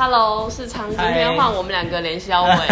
Hello，世昌，今天換我們兩個聯銷會，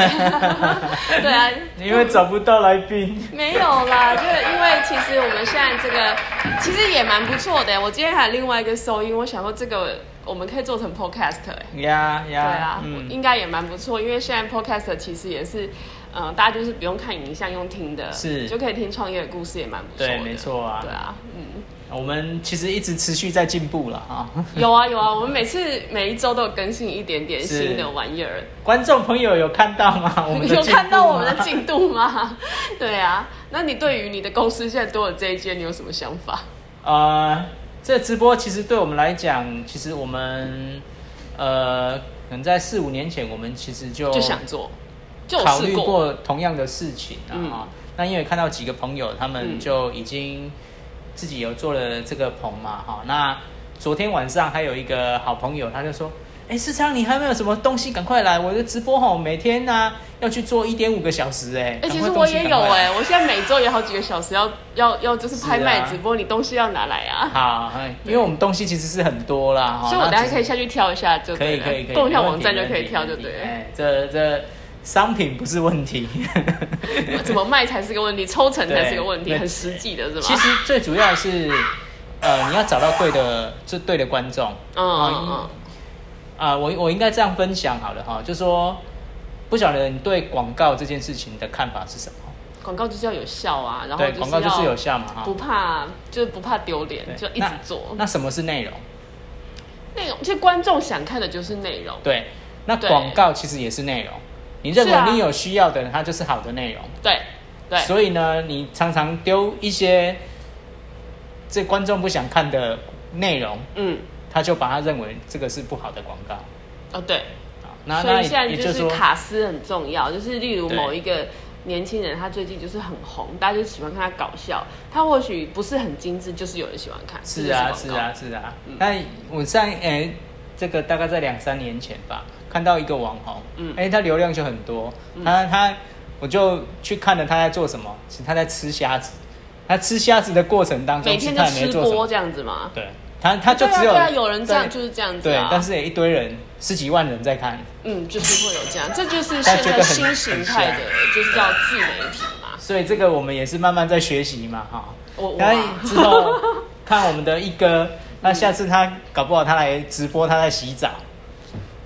對啊，你因為找不到來賓， 沒有啦，就是因為其實我們現在這個其實也蠻不錯的。我今天還有另外一個收音，我想說這個我們可以做成 Podcast 哎，呀呀，對啊，嗯、應該也蠻不錯，因為現在 Podcast 其實也是，嗯、呃，大家就是不用看影像，用聽的，是就可以聽創業的故事也的，也蠻不錯，對，沒錯啊，對啊，嗯。我們其實一直持續在進步了啊！有啊有啊，我們每次每一周都有更新一點點新的玩意兒。觀眾朋友有看到嗎？我們的進步嗎？ 有看到我們的進度嗎？ 對啊，那你對於你的公司現在多了這一間，你有什麼想法？呃，這個直播其實對我們來講，其實我們呃，可能在四五年前，我們其實就就想做，就考慮過同樣的事情啊。那因為看到幾個朋友，他們就已經。自己有做了這個棚嘛。哈，那昨天晚上還有一個好朋友，他就說：“哎、欸，世昌，你還沒有什麼東西，趕快來我的直播哈！每天呢、啊、要去做一點五個小時、欸，哎、欸。快”其實我也，我也有哎、欸，我現在每周也好幾個小時要要要，要就是拍賣直播，啊、你東西要拿來啊！好，因為我們東西其實是很多啦，對所以我大家可以下去挑一下就可以。可以可以可以。逛一下網站就可以挑，就對了。哎、欸，這這。商品不是問題 ，怎麼賣才是個問題，抽成才是個問題，很實際的是吧？其實最主要的是，呃，你要找到對的，就對的觀眾。嗯、呃、嗯啊、嗯呃，我我應該這樣分享好了哈，就說不曉得你對廣告這件事情的看法是什麼？廣告就是要有效啊，然後對廣告就是有效嘛，不怕就是不怕丟臉，對就一直做那。那什麼是內容？內容，其實觀眾想看的就是內容。對，那廣告其實也是內容。你認為你有需要的人，啊、它就是好的內容。對對，對所以呢，你常常丟一些這觀眾不想看的內容，嗯，他就把他認為這個是不好的廣告。哦，對。啊，那所以現在就是，就是卡司很重要，就是例如某一個年輕人，他最近就是很紅，對大家就喜歡看他搞笑，他或許不是很精致，就是有人喜歡看。是啊，是，是啊，是啊，是啊。那、嗯、我在哎。欸這個大概在兩三年前吧，看到一個網紅，哎、嗯，他流量就很多，嗯、他他，我就去看了他在做什麼，他在吃蝦子，他吃蝦子的過程當中，每天就吃播這樣子嗎？對，他他就只有、啊啊、有人這樣在就是這樣子、啊，對，但是有一堆人十幾萬人在看，嗯，就是會有這樣，這就是現在新形態的，就是叫自媒體嘛。所以這個我們也是慢慢在學習嘛，哈，我我、喔、之後 看我們的一哥。嗯、那下次他搞不好他來直播，他在洗澡，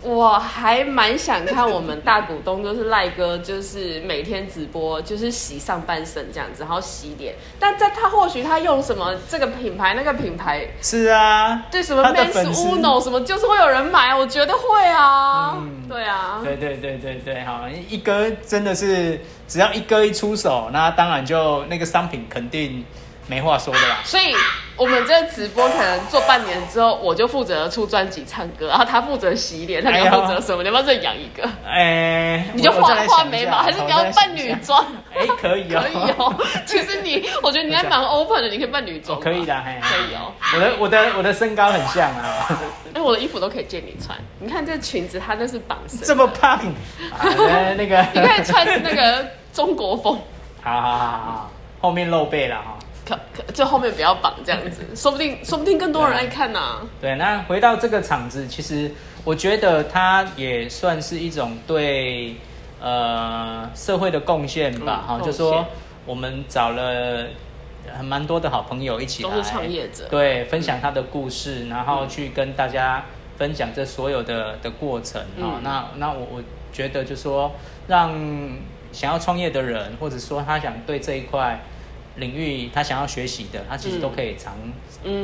我還蠻想看我們大股東就是賴哥，就是每天直播，就是洗上半身這樣子，然後洗臉。但在他或許他用什麼這個品牌那個品牌，是啊，對什麼 men's uno 什麼，就是會有人買，我覺得會啊，嗯、對啊，對對對對對，好，一哥真的是只要一哥一出手，那當然就那個商品肯定沒話說的啦，所以。我們這直播可能做半年之後，我就負責出專輯唱歌，然後他負責洗臉，他要負責什麼？你要不要再養一個，哎，你就畫畫眉毛，還是你要扮女裝？哎，可以哦，可以哦。其實你，我覺得你還蠻 open 的，你可以扮女裝，可以的，可以哦。我的我的我的身高很像啊，哎，我的衣服都可以借你穿。你看這裙子，它那是綁身。這麼胖，那個，你可以穿那個中國風。好好好好好，後面露背了哈。就後面不要綁這樣子。 說不定說不定更多人愛看吶、啊。對，那回到這個場子，其實我覺得他也算是一種對呃社會的貢獻吧。哈，就說我們找了很蠻多的好朋友一起來，都是創業者，對，分享他的故事，嗯、然後去跟大家分享這所有的的過程。啊、嗯，那那我我覺得就是說，讓想要創業的人，或者說他想對這一塊。領域他想要學習的，他其實都可以常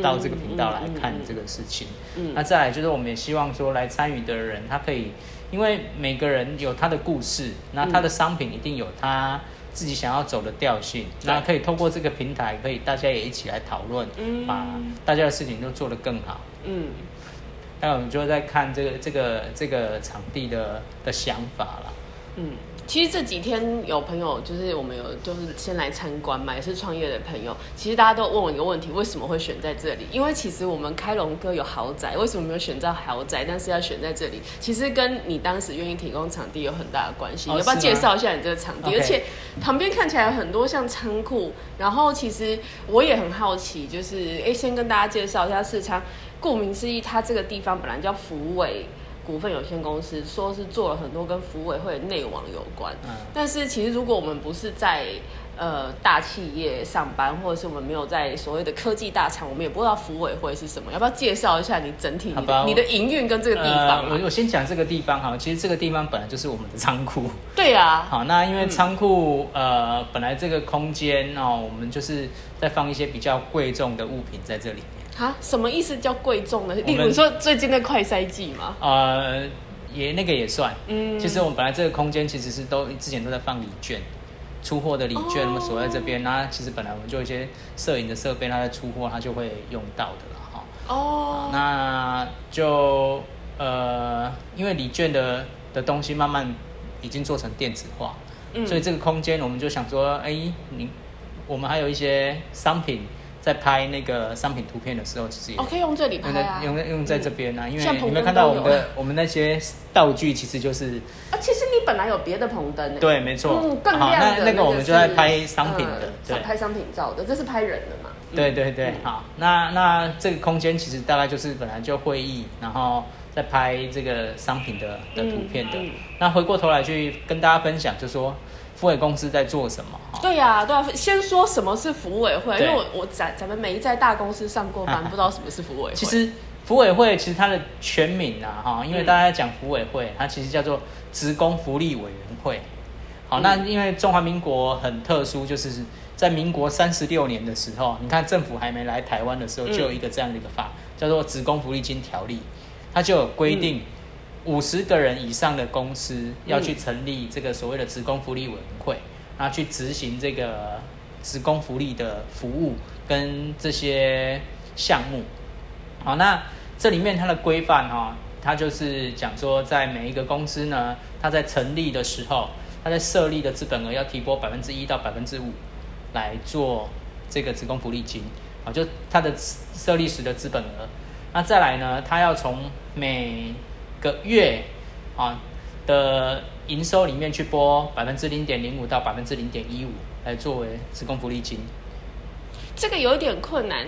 到這個頻道來看這個事情。那再來就是，我們也希望說，來參與的人，他可以，因為每個人有他的故事，那他的商品一定有他自己想要走的調性，那、嗯、可以透過這個平台，可以大家也一起來討論，嗯、把大家的事情都做得更好。嗯，那我們就在看這個這個這個場地的的想法了。嗯。其實這幾天有朋友，就是我們有，就是先來參觀嘛，也是創業的朋友。其實大家都問我一個問題，為什麼會選在這裡？因為其實我們開龍哥有豪宅，為什麼沒有選在豪宅？但是要選在這裡，其實跟你當時願意提供場地有很大的關係。你要不要介紹一下你這個場地？而且旁邊看起來有很多像倉庫，然後其實我也很好奇，就是哎、欸，先跟大家介紹一下市場，顧名思義，它這個地方本來叫福委。股份有限公司說，是做了很多跟福委會的內網有關，嗯，但是其實如果我們不是在呃大企業上班，或者是我們沒有在所謂的科技大廠，我們也不知道福委會是什麼。要不要介紹一下你整體你的，吧你的營運跟這個地方、啊？我、呃、我先講這個地方好，其實這個地方本來就是我們的倉庫。對啊。好，那因為倉庫、嗯、呃本來這個空間哦，我們就是在放一些比較貴重的物品在這裡面。啊，什麼意思叫貴重呢？我們，例如說最近的快篩劑嗎？呃，也那個也算。嗯。其實我們本來這個空間其實是都之前都在放禮券，出貨的禮券，那麼鎖在這邊。那其實本來我們就有一些攝影的設備，它在出貨，它就會用到的了哈。哦。哦那就呃，因為禮券的的東西慢慢已經做成電子化，嗯、所以這個空間我們就想說，哎、欸，你我們還有一些商品。在拍那個商品圖片的時候，其實也可以用這裡拍啊，用用在這邊啊，因為你有沒有看到我們的我們那些道具其實就是，啊，其實你本來有別的棚燈誒，對，沒錯，嗯，更好。那那個我們就在拍商品的，拍商品照的，這是拍人的嘛？對對對，好，那那這個空間其實大概就是本來就會議，然後在拍這個商品的的圖片的，那回過頭來去跟大家分享就說。福委公司在做什麼？對呀、啊，對啊，先說什麼是福委會，對因為我我咱咱們沒在大公司上過班，啊、不知道什麼是福委會。其實，福委會其實它的全名啊，哈，因為大家講福委會，它其實叫做職工福利委員會。好，那因為中華民國很特殊，就是在民國三十六年的時候，你看政府還沒來台灣的時候，就有一個這樣的一個法，叫做《職工福利金條例》，它就有規定。五十個人以上的公司要去成立這個所謂的職工福利委員會，啊，去執行這個職工福利的服務跟這些項目。好，那這裡面它的規範，哈，它就是講說，在每一個公司呢，它在成立的時候，它在設立的資本額要提撥百分之一到百分之五來做這個職工福利金，啊，就它的設立時的資本額。那再來呢，它要從每月啊的營收裡面去撥百分之零點零五到百分之零點一五來作為職工福利金，這個有點困難。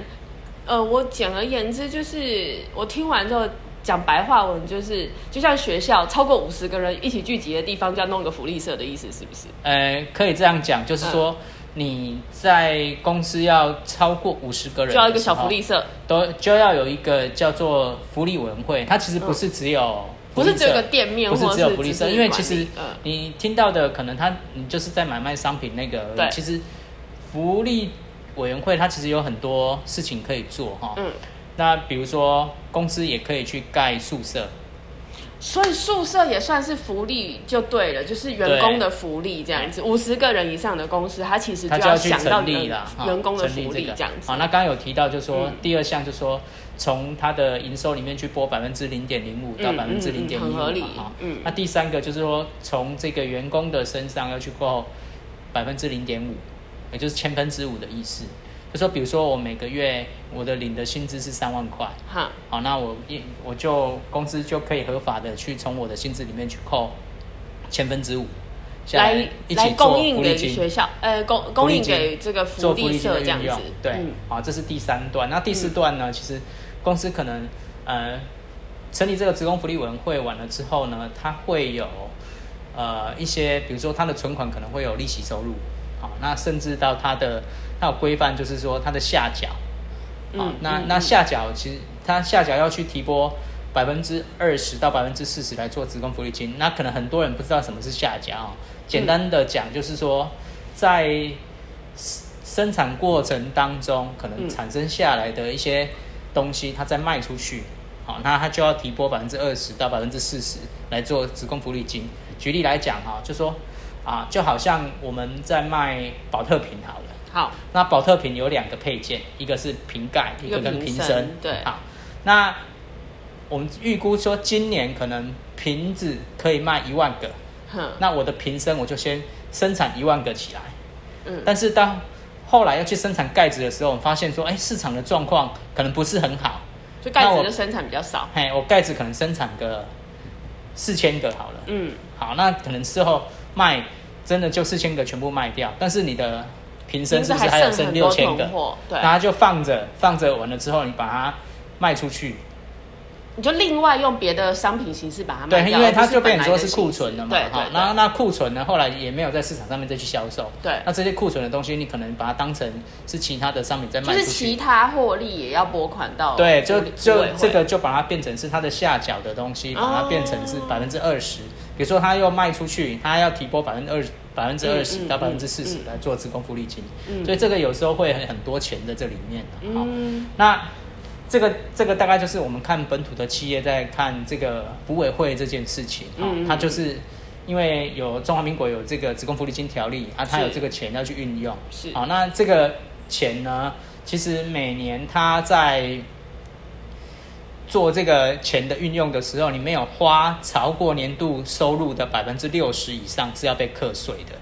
呃，我簡而言之就是，我聽完之後講白話文就是，就像學校超過五十個人一起聚集的地方，就要弄個福利社的意思，是不是？呃，可以這樣講，就是說。嗯你在公司要超過五十個人，就要一個小福利社，都就要有一個叫做福利委員會。它其實不是只有、嗯，不是只有個店面，不是只有福利社，利社因為其實你聽到的、呃、可能它你就是在買賣商品那個。對其實福利委員會它其實有很多事情可以做哈。嗯、那比如說公司也可以去蓋宿舍。所以宿舍也算是福利，就對了，就是員工的福利這樣子。五十對個人以上的公司，他其實就要想到你的員工的福利這樣子。好，這個、好，那剛剛有提到，就是說、嗯、第二項，就是說從他的營收裡面去撥百分之零點零五到百分之零點一。嗯，嗯，那第三個就是說從這個員工的身上要去扣百分之零點五，也就是千分之五的意思。就說，比如說我每個月我的領的薪資是三萬塊，好哈，好，那我一我就公司就可以合法的去從我的薪資裡面去扣千分之五，下來一起來，來供應給學校，呃，供供應給這個福利社福利做福利這樣子，嗯、對，好，這是第三段。那第四段呢，嗯、其實公司可能呃成立這個職工福利委員會完了之後呢，它會有呃一些，比如說它的存款可能會有利息收入。好，那甚至到它的它有規範，就是說它的下腳好，嗯、那、嗯、那下腳其實它下腳要去提撥百分之二十到百分之四十來做職工福利金。那可能很多人不知道什麼是下腳啊。簡單的講，就是說在生產過程當中，可能產生下來的一些東西，它再賣出去，好，那它就要提撥百分之二十到百分之四十來做職工福利金。舉例來講，哈，就說。啊，就好像我們在賣寶特瓶好了。好，那寶特瓶有兩個配件，一個是瓶蓋，一個瓶身，一個跟瓶身。對。好，那我們預估說今年可能瓶子可以賣一萬個。哼那我的瓶身我就先生產一萬個起來。嗯。但是當後來要去生產蓋子的時候，我們發現說，哎、欸，市場的狀況可能不是很好。蓋我就蓋子的生產比較少。嘿，我蓋子可能生產個四千個好了。嗯。好，那可能事後賣。真的就四千個全部賣掉，但是你的瓶身是不是還有剩六千個，對，那它就放着放着完了之後，你把它賣出去，你就另外用別的商品形式把它賣出去，對，因為它就變成說是庫存了嘛，對,對,對,對然後那那庫存呢，後來也沒有在市場上面再去銷售，對。那這些庫存的東西，你可能把它當成是其他的商品在賣出去，就是其他獲利也要撥款到。對，就就這個就把它變成是它的下腳的東西，把它變成是百分之二十。哦比如說，他要賣出去，他要提撥百分之二百分之二十到百分之四十來做職工福利金，嗯嗯嗯嗯、所以這個有時候會很，很多錢在這裡面的。好，嗯、那這個這個大概就是我們看本土的企業在看這個福委會這件事情。哦嗯嗯嗯、他就是因為有中華民國有這個職工福利金條例啊，他有這個錢要去運用。是，好、哦，那這個錢呢，其實每年他在。做這個錢的運用的時候，你沒有花超過年度收入的百分之六十以上，是要被課稅的。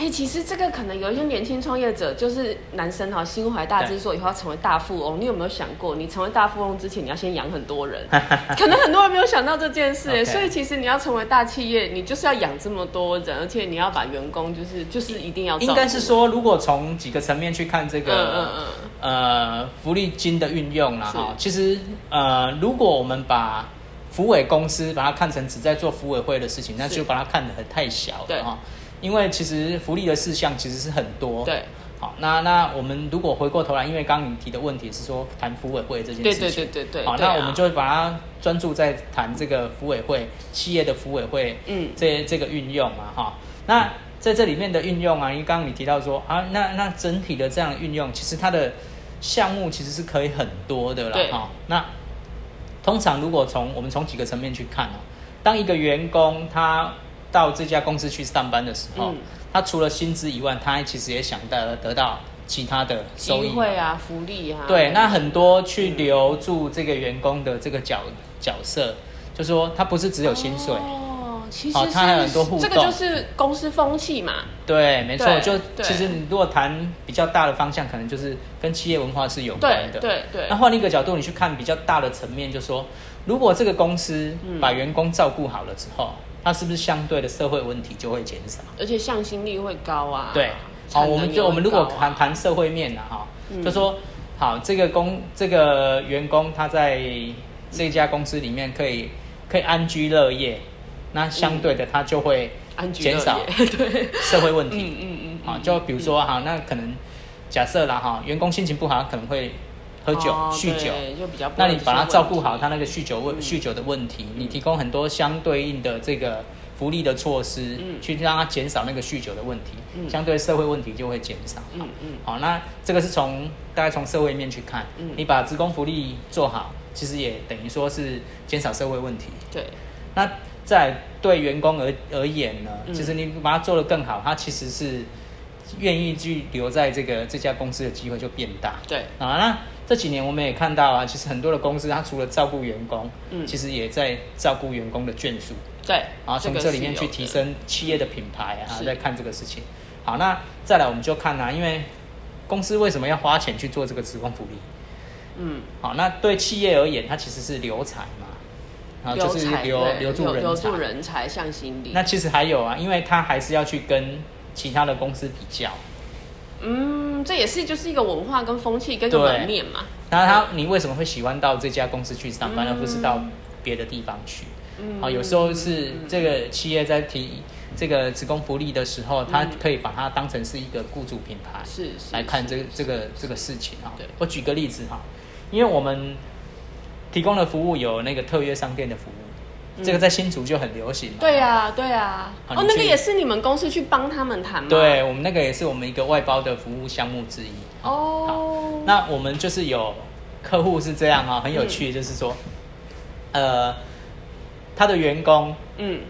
欸、其實這個可能有一些年輕創業者，就是男生哈、啊，心懷大志，說以後要成為大富翁。對你有沒有想過，你成為大富翁之前，你要先養很多人？ 可能很多人沒有想到這件事。Okay 所以其實你要成為大企業，你就是要養這麼多人，而且你要把員工，就是就是一定要。應該是說，如果從幾個層面去看這個、嗯嗯嗯、呃福利金的運用了哈，是其實呃，如果我們把福委公司把它看成只在做福委會的事情，那就把它看得很太小了哈。因為其實福利的事項，其實是很多。對，好，那那我們如果回過頭來，因為剛剛你提的問題是說談福委會這件事情。對對對對，對，對好，對啊、那我們就把它專注在談這個福委會企業的福委會，嗯，這這個運用嘛哈。那在這裡面的運用啊，因為剛剛你提到說啊，那那整體的這樣的運用，其實它的項目其實是可以很多的啦哈對，那通常如果從我們從幾個層面去看啊，當一個員工他。到這家公司去上班的時候，嗯、他除了薪資以外，他其實也想得，得到其他的收益嘛，機會啊，福利啊。對，那很多去留住這個員工的這個角、嗯、角色，就說他不是只有薪水哦，其實他還有很多互動。這個就是公司風氣嘛。對，沒錯。就其實你如果談比較大的方向，可能就是跟企業文化是有關的。對對。對對，那換一個角度，你去看比較大的層面，就是說如果這個公司把員工照顧好了之後。嗯那是不是相對的社會問題就會減少，而且向心力會高啊？對，好、啊，我們就我們如果談談社會面呢，哈、嗯，就是說好，這個工這個員工他在這家公司裡面可以可以安居樂業，嗯、那相對的他就會減少社會問題。嗯嗯嗯，就比如說哈，那可能假設了哈，員工心情不好可能會。喝酒、酗酒，那你把他照顧好，他那個酗酒問酗酒的問題，你提供很多相對應的這個福利的措施，去讓他減少那個酗酒的問題，相對社會問題就會減少。嗯嗯，好，那這個是從大概從社會面去看，你把職工福利做好，其實也等於說是減少社會問題。對，那在對員工而而言呢，其實你把它做得更好，他其實是願意去留在這個這家公司的機會就變大。對啊，那。這幾年我們也看到啊，其實很多的公司，它除了照顧員工，嗯，其實也在照顧員工的眷屬，對，啊這從這裡面去提升企業的品牌啊，在是看這個事情。好，那再來我們就看啊，因為公司為什麼要花錢去做這個職工福利？嗯，好，那對企業而言，它其實是留才嘛，啊，流財就是留留流住人才，留住人才向心力。那其實還有啊，因為它還是要去跟其他的公司比較。嗯，這也是就是一個文化跟風氣跟一個門面嘛。那他，對你為什麼會喜歡到這家公司去上班，嗯、而不是到別的地方去？嗯，啊、哦，有時候是這個企業在提這個職工福利的時候，嗯、他可以把它當成是一個雇主品牌，是，是來看這個這個這個事情啊、哦。對。我舉個例子哈、哦，因為我們提供的服務有那個特約商店的服務。這個在新竹就很流行。對啊，對呀，啊，對呀。哦，那個也是你們公司去幫他們談嗎？對，我們那個也是我們一個外包的服務項目之一。哦。那我們就是有客戶是這樣啊，哦，很有趣，嗯，就是說，呃，他的員工，嗯，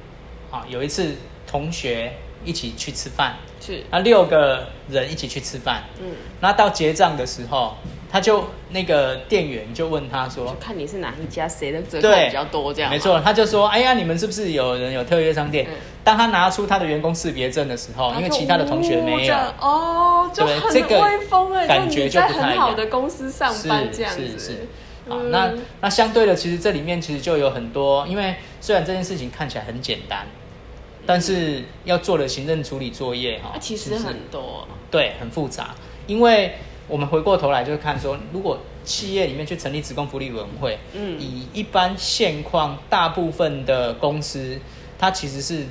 啊，有一次同學一起去吃飯，是，那六個人一起去吃飯，嗯，那到結帳的時候。他就那個店員就問他說：“就看你是哪一家誰的折扣比較多這樣。”沒錯，他就說：“哎呀，你們是不是有人有特約商店？”嗯、當他拿出他的員工識別證的時候，嗯、因為其他的同學沒有。哦，對就很威風哎，感覺就在很好的公司上班這樣子。是是、是、嗯、好，那那相對的，其實這裡面其實就有很多，因為雖然這件事情看起來很簡單，嗯、但是要做的行政處理作業哈、啊，其實很多是是。對，很複雜，因為。我們回過頭來就是看說，如果企業裡面去成立職工福利委員會，嗯，以一般現況，大部分的公司，它其實是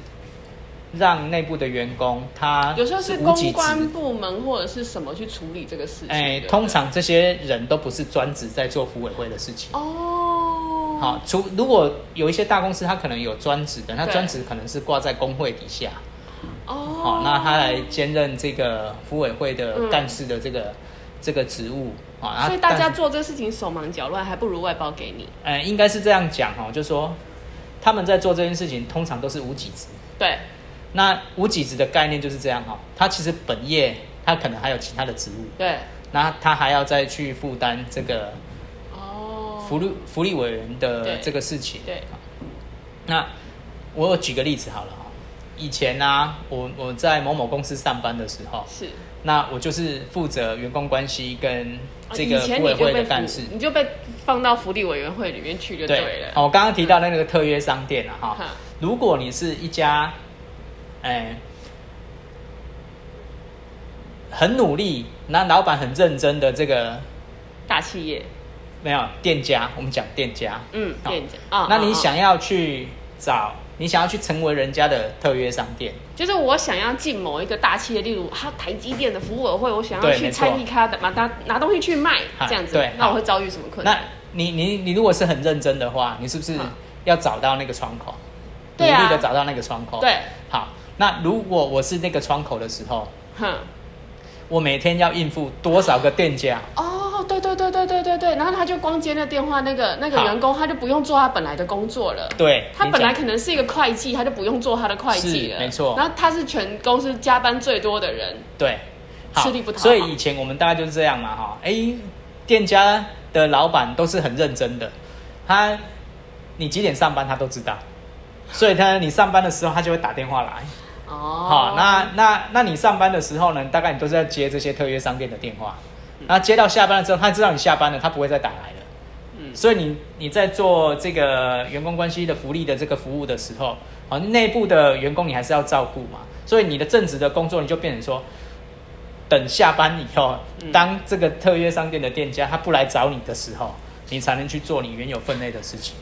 讓內部的員工，他有時候是公關部門或者是什麼去處理這個事情、欸。通常這些人都不是專職在做福委會的事情。哦，好，除如果有一些大公司，它可能有專職的，那專職可能是掛在工會底下。對好哦，那他來兼任這個福委會的幹事的這個。嗯這個職務啊，所以大家但做這個事情手忙腳亂，還不如外包給你。哎、嗯，應該是這樣講哈，就是說他們在做這件事情，通常都是無給職。對，那無給職的概念就是這樣哈，他其實本業他可能還有其他的職務。對，那他還要再去負擔這個哦，oh、福利福利委員的對這個事情。對，那我有舉個例子好了，以前呢、啊，我我在某某公司上班的時候是。那我就是負責員工關係跟這個福委員會的幹事你，你就被放到福利委員會裡面去就對了。哦，我剛剛提到的那個特約商店了、啊、哈，嗯、如果你是一家，哎、欸，很努力，那老板很認真的這個大企業，沒有店家，我們講店家，嗯，喔、店家、哦、哦哦那你想要去找？你想要去成為人家的特約商店，就是我想要進某一個大企業，例如他台積電的福委會，我想要去參與他的嘛，拿拿東西去賣、啊、這樣子，對那我會遭遇什麼困難？那你你你如果是很認真的話，你是不是要找到那個窗口？努力、啊、的找到那個窗口。對、啊，好，那如果我是那個窗口的時候，哼、啊。我每天要應付多少個店家？啊、哦，對對對對對對對，然後他就光接那電話，那個那個員工好他就不用做他本來的工作了。對，他本來可能是一個會計，他就不用做他的會計了。是，沒錯。然後他是全公司加班最多的人。對，吃力不討好。所以以前我們大概就是這樣嘛，哈。哎，店家的老闆都是很認真的，他你幾點上班他都知道，所以他 你上班的時候他就會打電話來。哦，oh. 好，那那那你上班的時候呢？大概你都是在接這些特約商店的電話，那、嗯、接到下班了之後，他知道你下班了，他不會再打來了。嗯，所以你你在做這個員工關係的福利的這個服務的時候，好，內部的員工你還是要照顧嘛。所以你的正職的工作你就變成說，等下班以後，當這個特約商店的店家他不來找你的時候，你才能去做你原有分內的事情。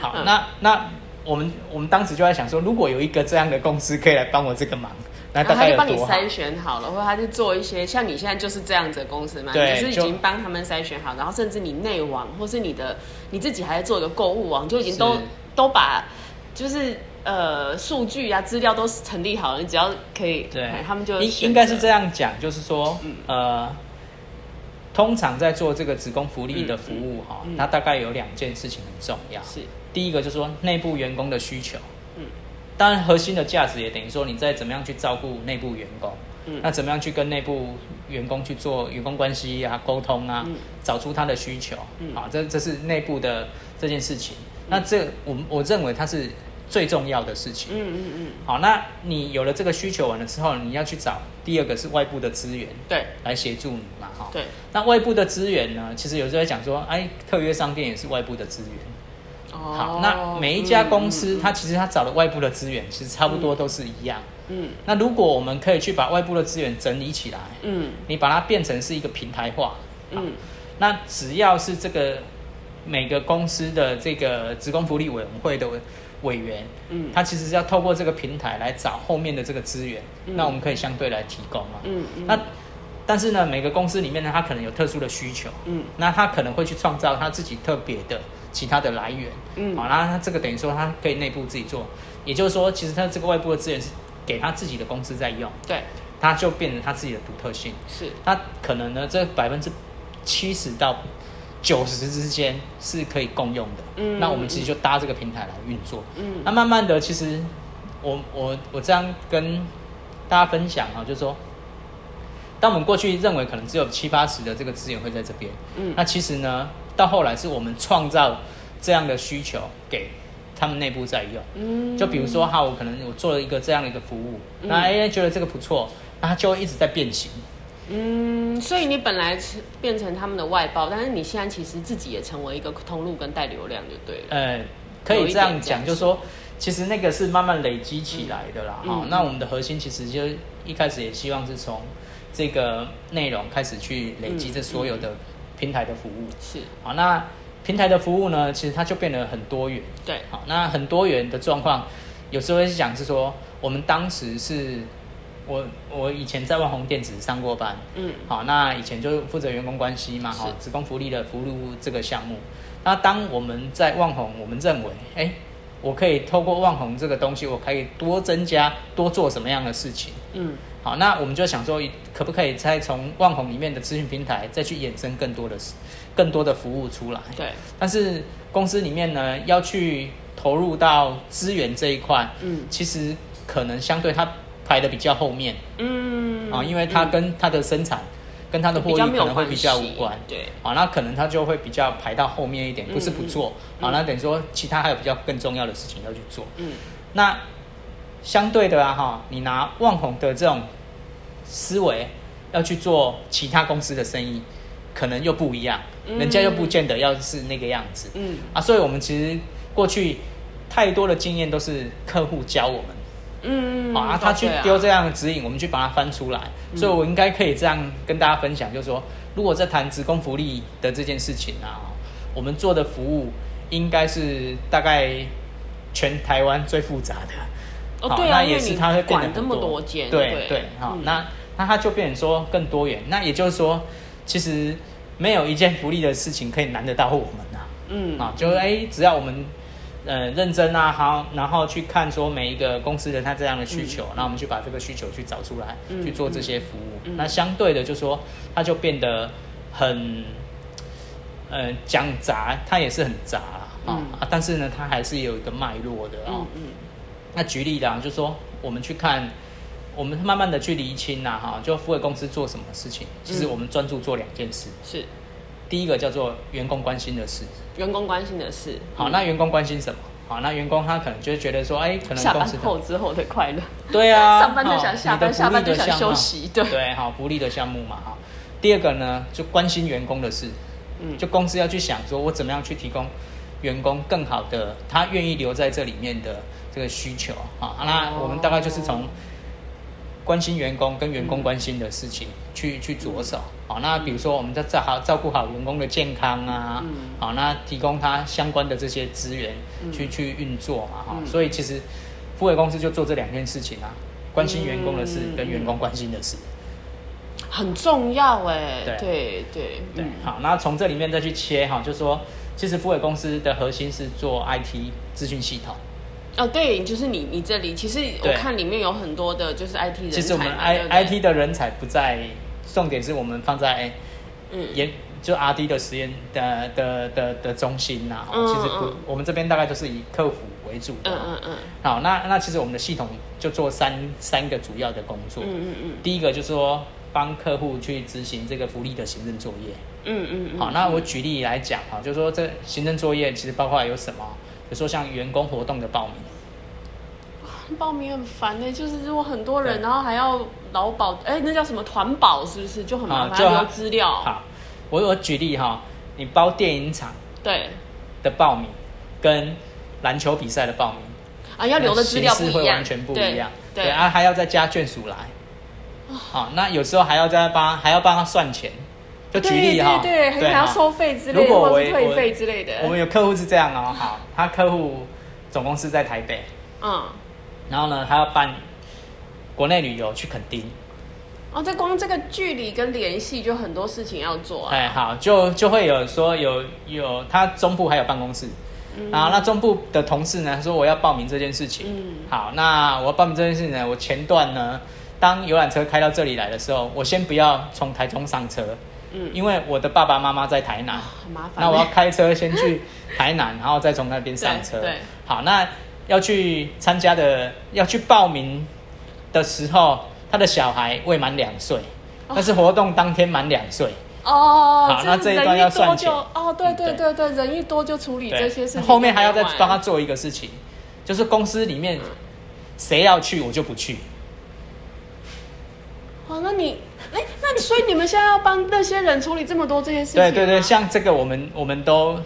好，那、嗯、那。那我們我們當時就在想說，如果有一個這樣的公司可以來幫我這個忙，那、啊、他就他幫你篩選好了，或者他就做一些，像你現在就是這樣子的公司嘛？對。你就是已經幫他們篩選好，就然後甚至你內網，或是你的你自己，還在做一個購物網，就已經都是都把，就是呃數據啊資料都成立好了，你只要可以，對，他們就。應該是這樣講，就是說，嗯、呃，通常在做這個職工福利的服務哈，那、嗯嗯嗯、大概有兩件事情很重要，嗯嗯、是。第一個就是說內部員工的需求，嗯，當然核心的價值也等於說你在怎麼樣去照顧內部員工，嗯，那怎麼樣去跟內部員工去做員工關係啊、溝通啊，嗯、找出他的需求，嗯，好，這這是內部的這件事情。嗯、那這我我認為它是最重要的事情，嗯嗯嗯。嗯嗯好，那你有了這個需求完了之後，你要去找第二個是外部的資源，對，來協助你嘛，哈，對。哦、對那外部的資源呢，其實有時候在講說，哎、啊，特約商店也是外部的資源。Oh, 好，那每一家公司，它，嗯嗯嗯、其實它找的外部的資源，其實差不多都是一樣。嗯，嗯那如果我們可以去把外部的資源整理起來，嗯，你把它變成是一個平台化，好嗯，那只要是這個每個公司的這個職工福利委員會的委員，嗯，他其實是要透過這個平台來找後面的這個資源，嗯、那我們可以相對來提供啊、嗯。嗯，那但是呢，每個公司裡面呢，他可能有特殊的需求，嗯，那他可能會去創造他自己特別的。其他的來源，嗯，好、啊，然後他這個等於說他可以內部自己做，也就是說，其實他這個外部的資源是給他自己的公司在用，對，他就變成他自己的獨特性，是，他可能呢這百分之七十到九十之間是可以共用的，嗯，那我們其實就搭這個平台來運作，嗯，那慢慢的其實我我我這樣跟大家分享啊，就是說，當我們過去認為可能只有七八十的這個資源會在這邊，嗯，那其實呢。到後來是我們創造這樣的需求給他們內部在用。嗯，就比如說哈，我可能我做了一個這樣的一個服務，那 AI 覺得這個不錯，那他就會一直在變形。嗯，所以你本來是變成他們的外包，但是你現在其實自己也成為一個通路跟帶流量就對了。呃，可以這樣講，就是說其實那個是慢慢累積起來的啦。哈，嗯，那我們的核心其實就一開始也希望是從這個內容開始去累積這所有的。嗯。嗯平台的服務是好，那平台的服務呢？其實它就變得很多元。對，好，那很多元的狀況，有時候會是講是說，我們當時是我我以前在旺宏電子上過班，嗯，好，那以前就負責員工關係嘛，好是，職工福利的服務這個項目。那當我們在旺宏，我們認為，哎、欸，我可以透過旺宏這個東西，我可以多增加多做什麼樣的事情？嗯。好，那我們就想說，可不可以再從萬宏裡面的資訊平台再去衍生更多的、更多的服務出來？對。但是公司裡面呢，要去投入到資源這一塊，嗯，其實可能相對它排得比較後面，嗯，啊，因為它跟它的生產、嗯、跟它的獲利可能會比較無關，對。啊，那可能它就會比較排到後面一點，不是不做。啊、嗯嗯，那等於說其他還有比較更重要的事情要去做。嗯，那。相對的啊，哈，你拿旺宏的這種思維要去做其他公司的生意，可能又不一樣，人家又不見得要是那個樣子，嗯啊，所以我們其實過去太多的經驗都是客戶教我們，嗯，啊，嗯啊，他去丟這樣的指引，我們去把它翻出來，嗯、所以我應該可以這樣跟大家分享，就是說，如果在談職工福利的這件事情啊，我們做的服務應該是大概全台灣最複雜的。哦，對啊，那也是他會變得多，對對，好，那那他就變成說更多元，那也就是說，其實沒有一件福利的事情可以難得到我們吶，嗯啊，就是哎，只要我們嗯認真啊，好，然後去看說每一個公司的他這樣的需求，那我們去把這個需求去找出來，去做這些服務，那相對的就是說他就變得很，呃，講雜，它也是很雜啊，但是呢，它還是有一個脈絡的啊，嗯。那舉例的、啊，就是說我們去看，我們慢慢的去釐清吶、啊，哈，就福委公司做什麼事情，嗯、其實我們專注做兩件事，是第一個叫做員工關心的事，員工關心的事，好，嗯、那員工關心什麼？好，那員工他可能就是覺得說，哎、欸，可能公司下班後之後的快樂，對啊，上班就想下班，下班就想休息，對，對好，福利的項目嘛，哈。第二個呢，就關心員工的事，嗯，就公司要去想說，我怎麼樣去提供員工更好的，他願意留在這裡面的。這個需求啊、哦，那我們大概就是從關心員工跟員工關心的事情去、嗯、去着手啊、哦。那比如說，我們在照好照顧好員工的健康啊，好、嗯哦、那提供他相關的這些資源去、嗯、去運作嘛哈。哦嗯、所以其實福委公司就做這兩件事情啊，關心員工的事跟員工關心的事很重要哎。對對對、嗯、對好，那從這裡面再去切哈、哦，就是說其實福委公司的核心是做 IT 資訊系統。哦，對，就是你，你這裡其實我看裡面有很多的，就是 IT 人才。其實我們 I I T 的人才不在重點，是我們放在嗯研就 R D 的實驗的的的的中心吶、啊。嗯、其實不，嗯、我們這邊大概都是以客服為主的。嗯嗯嗯。嗯嗯好，那那其實我們的系統就做三三個主要的工作。嗯嗯嗯。嗯第一個就是說幫客戶去執行這個福利的行政作業。嗯嗯嗯。嗯好，嗯、那我舉例來講哈，就是說這行政作業其實包括有什麼？比如說像員工活動的報名，報名很煩呢，就是如果很多人，對然後還要勞保，哎，那叫什麼團保是不是就很麻煩？要留資料。好，我我舉例哈，你包電影場對的報名，對跟籃球比賽的報名啊，要留的資料不會完全不一樣，對，對啊，對啊，還要再加眷屬來，哦、好，那有時候還要再幫還要幫他算錢。就舉例哈，對，對，對，哦、還要收費之類的，如果我或是退費之類的。我們有客戶是這樣哦，好，他客戶總公司在台北，嗯，然後呢，他要辦國內旅遊去墾丁，哦，這光這個距離跟聯繫就很多事情要做，啊。哎，好，就就會有說有有他中部還有辦公室，啊、嗯，然後那中部的同事呢說我要報名這件事情，嗯，好，那我要報名這件事情呢，我前段呢，當遊覽車開到這裡來的時候，我先不要從台中上車。嗯嗯，因為我的爸爸媽媽在台南，啊，很麻煩欸、那我要開車先去台南，然後再從那邊上車。對，對好，那要去參加的，要去報名的時候，他的小孩未滿兩歲，哦、但是活動當天滿兩歲。哦，好，好，那這一段要算賺錢。哦，對對對對，對對，人一多就處理這些事情。後面還要再幫他做一個事情，就是公司裡面誰要去，我就不去。哦，那你，哎，那所以你們現在要幫那些人處理這麼多這些事情？對對對，像這個我們我們都，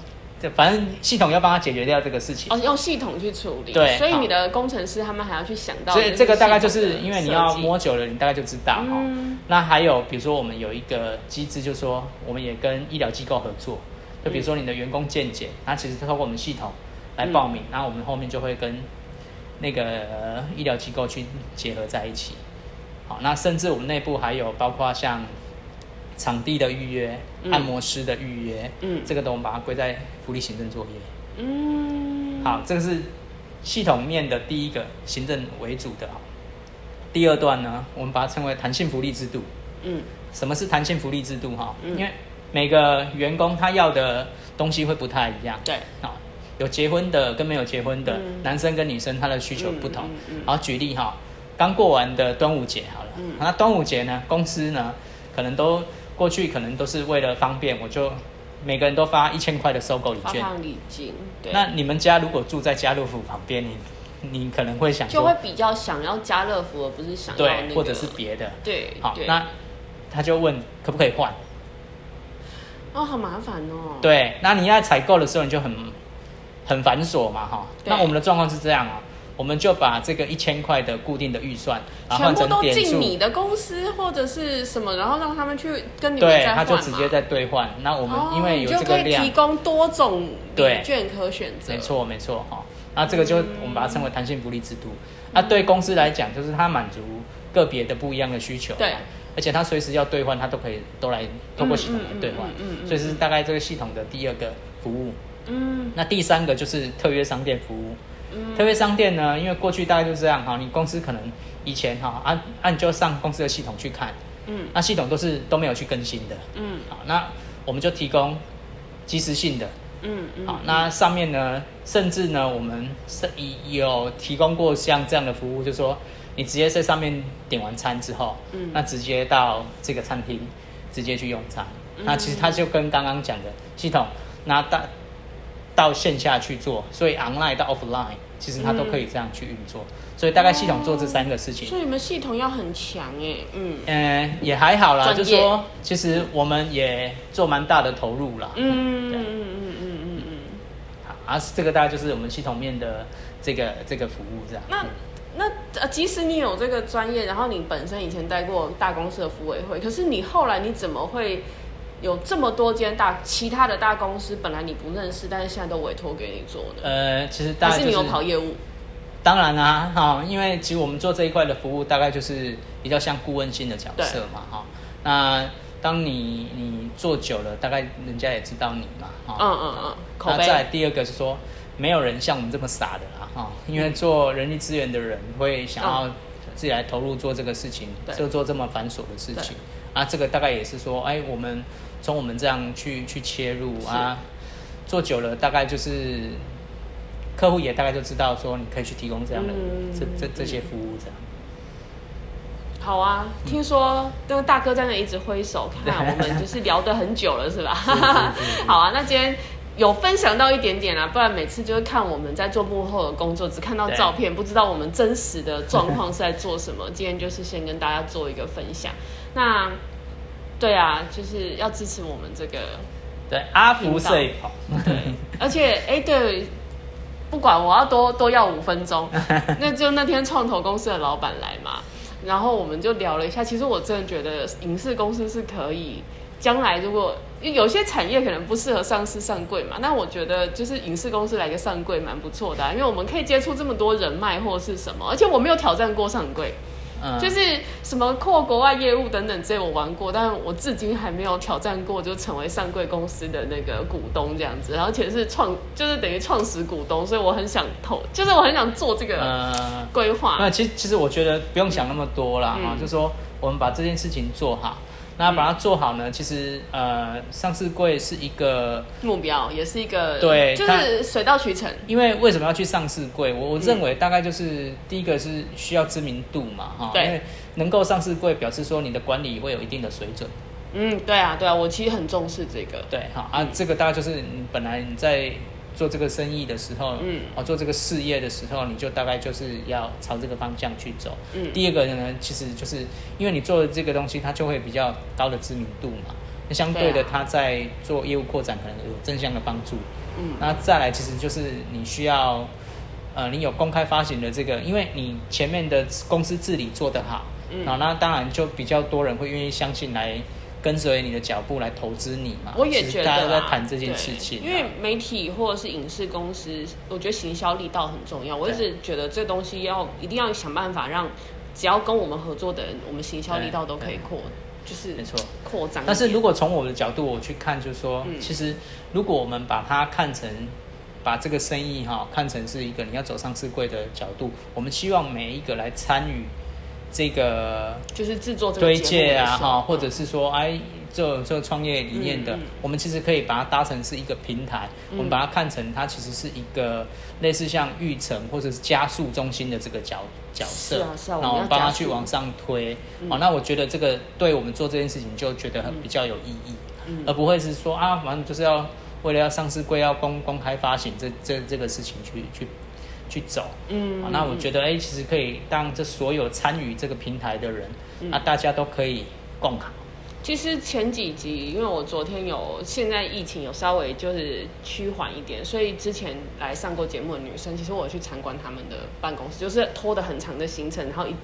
反正系統要幫他解決掉這個事情。哦，用系統去處理。對，所以你的工程師他們還要去想到。所以這個大概就是因為你要摸久了，你大概就知道、哦。嗯。那還有，比如說我們有一個機制，就是說我們也跟醫療機構合作，就比如說你的員工健檢，那、嗯、其實通過我們系統來報名，嗯、然後我們後面就會跟那個、呃、醫療機構去結合在一起。那甚至我們內部還有包括像場地的預約、嗯、按摩師的預約，嗯，這個都我們把它歸在福利行政作業。嗯，好，這個是系統面的第一個行政為主的。第二段呢，我們把它稱為彈性福利制度。嗯，什麼是彈性福利制度？哈、嗯，因為每個員工他要的東西會不太一樣。對，好，有結婚的跟沒有結婚的，嗯、男生跟女生他的需求不同。嗯嗯嗯、好，舉例哈。剛過完的端午節，好了，嗯、那端午節呢？公司呢？可能都過去，可能都是為了方便，我就每個人都發一千塊的收購禮券。禮金。對，那你們家如果住在家樂福旁邊，你你可能會想就會比較想要家樂福，而不是想要、那個、或者是別的。對，好，對那他就問可不可以換？哦，好麻煩哦。對，那你要在採購的時候你就很很繁瑣嘛，哈、哦。對那我們的狀況是這樣啊、哦。我們就把這個一千塊的固定的預算，全部都進你的公司或者是什麼，然後讓他們去跟你對，他就直接在兌換。那、哦、我們因為有這個量，你就可以提供多種券可選擇。沒錯沒錯哈，那這個就我們把它稱為彈性福利制度。那、嗯啊、對公司來講，就是它滿足個別的不一樣的需求。對，而且它隨時要兌換，它都可以都來通過系統來兌換。嗯，嗯嗯嗯嗯嗯，所以是大概這個系統的第二個服務。嗯，那第三個就是特約商店服務。特別商店呢，因為過去大概就這樣哈，你公司可能以前哈按按就上公司的系統去看，嗯，那系統都是都沒有去更新的，嗯，好，那我們就提供即時性的，嗯，嗯好，那上面呢，甚至呢，我們是有提供過像這樣的服務，就是說你直接在上面點完餐之後，嗯、那直接到這個餐廳直接去用餐，嗯、那其實它就跟剛剛講的系統，那大。到線下去做，所以 online 到 offline，其實它都可以這樣去運作。嗯、所以大概系統做這三個事情。嗯、所以你們系統要很強耶，嗯，嗯、呃，也還好啦，專業。就是說其實我們也做蠻大的投入啦嗯嗯嗯嗯嗯嗯嗯。好，啊，這個大概就是我們系統面的這個這個服務這樣。那、嗯、那即使你有這個專業，然後你本身以前帶過大公司的福委會，可是你後來你怎麼會？有這麼多間大，其他的大公司本來你不認識，但是現在都委托給你做的。呃，其實大，就是，還是你有跑業務？當然啦，啊，哈，哦，因為其實我們做這一塊的服務，大概就是比較像顧問性的角色嘛，哈對，哦。那當你你做久了，大概人家也知道你嘛，哈，哦。嗯嗯嗯。口碑。那再來第二個是說，沒有人像我們這麼傻的啦，哈，哦。因為做人力資源的人會想要自己來投入做這個事情，對就做這麼繁瑣的事情啊。這個大概也是說，哎，欸，我們。從我們這樣去去切入啊，是做久了大概就是客戶也大概就知道說你可以去提供這樣的、嗯、這這這些服務這樣。好啊，嗯、聽說跟大哥在那一直揮手看，看對我們就是聊得很久了是吧？ 是是是是好啊，那今天有分享到一點點啊。不然每次就是看我們在做幕後的工作，只看到照片，對不知道我們真實的狀況是在做什麼。 今天就是先跟大家做一個分享，那。對啊，就是要支持我們這個，對阿福賽跑，對，而且哎對，不管我要多多要五分鐘，那就那天創投公司的老板來嘛，然後我們就聊了一下，其實我真的覺得影視公司是可以，將來如果因為有些產業可能不適合上市上櫃嘛，那我覺得就是影視公司來個上櫃蠻不錯的啊，因為我們可以接觸這麼多人脈或是什麼，而且我沒有挑戰過上櫃。嗯、就是什麼擴國外業務等等，這些我玩過，但是我至今還沒有挑戰過，就成為上櫃公司的那個股東這樣子，而且是創，就是等於創始股東，所以我很想投，就是我很想做這個規劃、嗯。那其實其實我覺得不用想那麼多了啊，嗯嗯、就是說我們把這件事情做好。那把它做好呢，其實，呃，上市櫃是一個目標，也是一個對，就是它水到渠成。因為為什麼要去上市櫃？我，我認為大概就是第一個是需要知名度嘛，哈、嗯，對，因為能夠上市櫃表示說你的管理會有一定的水準。嗯，對啊，對啊，我其實很重視這個。對，好啊，嗯、這個大概就是你本來你在。做這個生意的時候，嗯，啊，做這個事業的時候，你就大概就是要朝這個方向去走。嗯，第二個呢，其實就是因為你做的這個東西，它就會比較高的知名度嘛，那相對的，它在做業務擴展可能有正向的幫助。嗯，那再來，其實就是你需要，呃，你有公開發行的這個，因為你前面的公司治理做得好，嗯，然後那當然就比較多人會願意相信來。跟隨你的腳步來投資你嘛？我也覺得、啊，在談這件事情，啊，因為媒體或者是影視公司，我覺得行銷力道很重要。我一直覺得這東西要對一定要想辦法讓，只要跟我們合作的人，我們行銷力道都可以擴，就是擴沒錯，擴展。但是如果從我的角度我去看，就是說，嗯、其實如果我們把它看成把這個生意哈、哦、看成是一個你要走上市櫃的角度，我們希望每一個來參與。這個、啊、就是製作推薦啊，哈，或者是說，哎，做做創業理念的，嗯嗯、我們其實可以把它搭成是一個平台，嗯、我們把它看成它其實是一個類似像育成或者是加速中心的這個角角色，啊啊、我們然後幫它去往上推。嗯、哦，那我覺得這個對我們做這件事情就覺得很比較有意義，嗯嗯、而不會是說啊，反正就是要為了要上市櫃，要公公開發行這這這個事情去去。去走，嗯、喔，那我覺得，哎、欸，其實可以讓這所有參與這個平台的人，那、嗯啊、大家都可以共好。其實前幾集，因為我昨天有，現在疫情有稍微就是趨緩一點，所以之前來上過節目的女生，其實我去參觀他們的辦公室，就是拖得很長的行程，然後一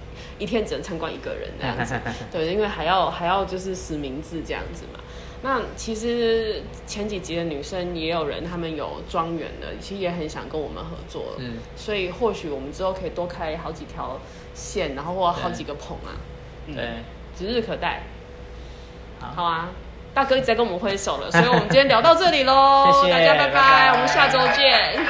一天只能參觀一個人這樣子， 對，因為還要還要就是實名制這樣子嘛。那其實前幾集的女生也有人，他們有莊園的，其實也很想跟我們合作，嗯是，所以或許我們之後可以多開好幾條線，然後或者好幾個棚啊，對，指對對日可待。好，好啊，大哥一直在跟我們揮手了，所以我們今天聊到這裡嘍， 謝謝大家，拜拜，拜拜我們下週見。